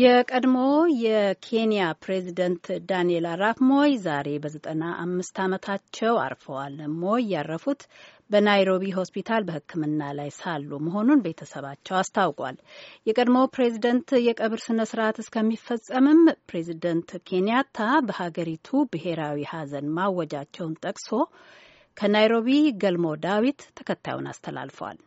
የቀድሞ የኬንያ ፕሬዚደንት ዳንኤል አራፕ ሞይ ዛሬ በዘጠና አምስት ዓመታቸው አርፈዋል። ሞይ ያረፉት በናይሮቢ ሆስፒታል በሕክምና ላይ ሳሉ መሆኑን ቤተሰባቸው አስታውቋል። የቀድሞ ፕሬዚደንት የቀብር ስነ ስርዓት እስከሚፈጸምም ፕሬዚደንት ኬንያታ በሀገሪቱ ብሔራዊ ሀዘን ማወጃቸውን ጠቅሶ ከናይሮቢ ገልሞ ዳዊት ተከታዩን አስተላልፏል።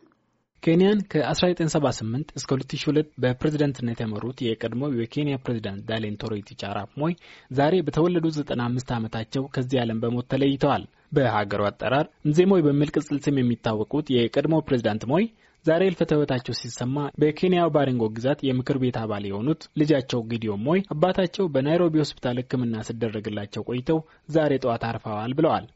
ኬንያን ከ1978 እስከ 2002 በፕሬዝደንትነት የመሩት የቀድሞው የኬንያ ፕሬዝዳንት ዳሌን ቶሮቲች አራፕ ሞይ ዛሬ በተወለዱ 95 ዓመታቸው ከዚህ ዓለም በሞት ተለይተዋል። በሀገሩ አጠራር ምዜሞይ በሚል ቅጽል ስም የሚታወቁት የቀድሞው ፕሬዝዳንት ሞይ ዛሬ እልፈተ ሕይወታቸው ሲሰማ በኬንያው ባሪንጎ ግዛት የምክር ቤት አባል የሆኑት ልጃቸው ጊዲዮን ሞይ አባታቸው በናይሮቢ ሆስፒታል ሕክምና ሲደረግላቸው ቆይተው ዛሬ ጠዋት አርፈዋል ብለዋል።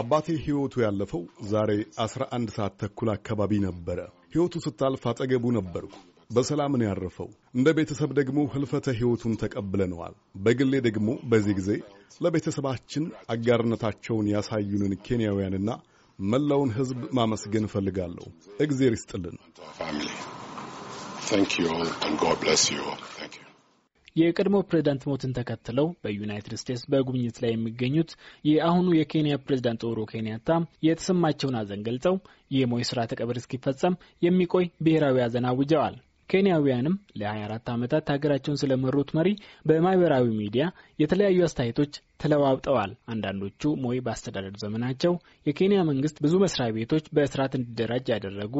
አባቴ ሕይወቱ ያለፈው ዛሬ 11 ሰዓት ተኩል አካባቢ ነበረ። ሕይወቱ ስታልፍ አጠገቡ ነበርኩ። በሰላም ነው ያረፈው። እንደ ቤተሰብ ደግሞ ህልፈተ ሕይወቱን ተቀብለነዋል። በግሌ ደግሞ በዚህ ጊዜ ለቤተሰባችን አጋርነታቸውን ያሳዩንን ኬንያውያንና መላውን ሕዝብ ማመስገን እፈልጋለሁ። እግዜር ይስጥልን። የቀድሞ ፕሬዝዳንት ሞትን ተከትለው በዩናይትድ ስቴትስ በጉብኝት ላይ የሚገኙት የአሁኑ የኬንያ ፕሬዝዳንት ኡሁሩ ኬንያታ የተሰማቸውን አዘን ገልጸው የሞይ ስርዓተ ቀብር እስኪፈጸም የሚቆይ ብሔራዊ አዘን አውጀዋል። ኬንያውያንም ለ24 ዓመታት ሀገራቸውን ስለመሩት መሪ በማህበራዊ ሚዲያ የተለያዩ አስተያየቶች ተለዋውጠዋል። አንዳንዶቹ ሞይ በአስተዳደር ዘመናቸው የኬንያ መንግስት ብዙ መስሪያ ቤቶች በስርዓት እንዲደራጅ ያደረጉ፣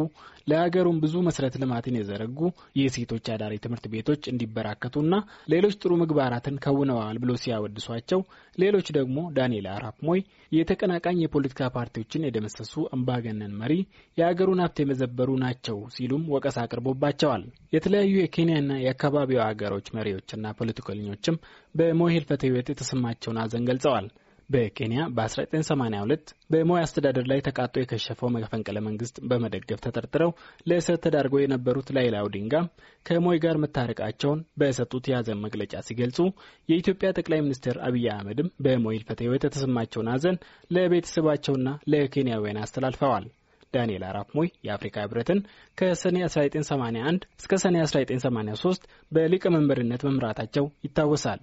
ለሀገሩም ብዙ መሰረተ ልማትን የዘረጉ፣ የሴቶች አዳሪ ትምህርት ቤቶች እንዲበራከቱና ሌሎች ጥሩ ምግባራትን ከውነዋል ብሎ ሲያወድሷቸው፣ ሌሎች ደግሞ ዳንኤል አራፕ ሞይ የተቀናቃኝ የፖለቲካ ፓርቲዎችን የደመሰሱ አምባገነን መሪ፣ የሀገሩን ሀብት የመዘበሩ ናቸው ሲሉም ወቀሳ አቅርቦባቸዋል። የተለያዩ የኬንያና የአካባቢው ሀገሮች መሪዎችና ፖለቲከኞችም በሞሄል ፈትህ ህይወት የተሰማቸውን አዘን ገልጸዋል። በኬንያ በ1982 በሞይ አስተዳደር ላይ ተቃጦ የከሸፈው መፈንቅለ መንግስት በመደገፍ ተጠርጥረው ለእስር ተዳርገው የነበሩት ላይላ ኦዲንጋም ከሞይ ጋር መታረቃቸውን በሰጡት የሀዘን መግለጫ ሲገልጹ የኢትዮጵያ ጠቅላይ ሚኒስትር አብይ አህመድም በሞይ ሕልፈተ ህይወት የተሰማቸውን ሀዘን ለቤተሰባቸውና ለኬንያውያን አስተላልፈዋል። ዳንኤል አራፕ ሞይ የአፍሪካ ህብረትን ከሰኔ 1981 እስከ ሰኔ 1983 በሊቀመንበርነት መምራታቸው ይታወሳል።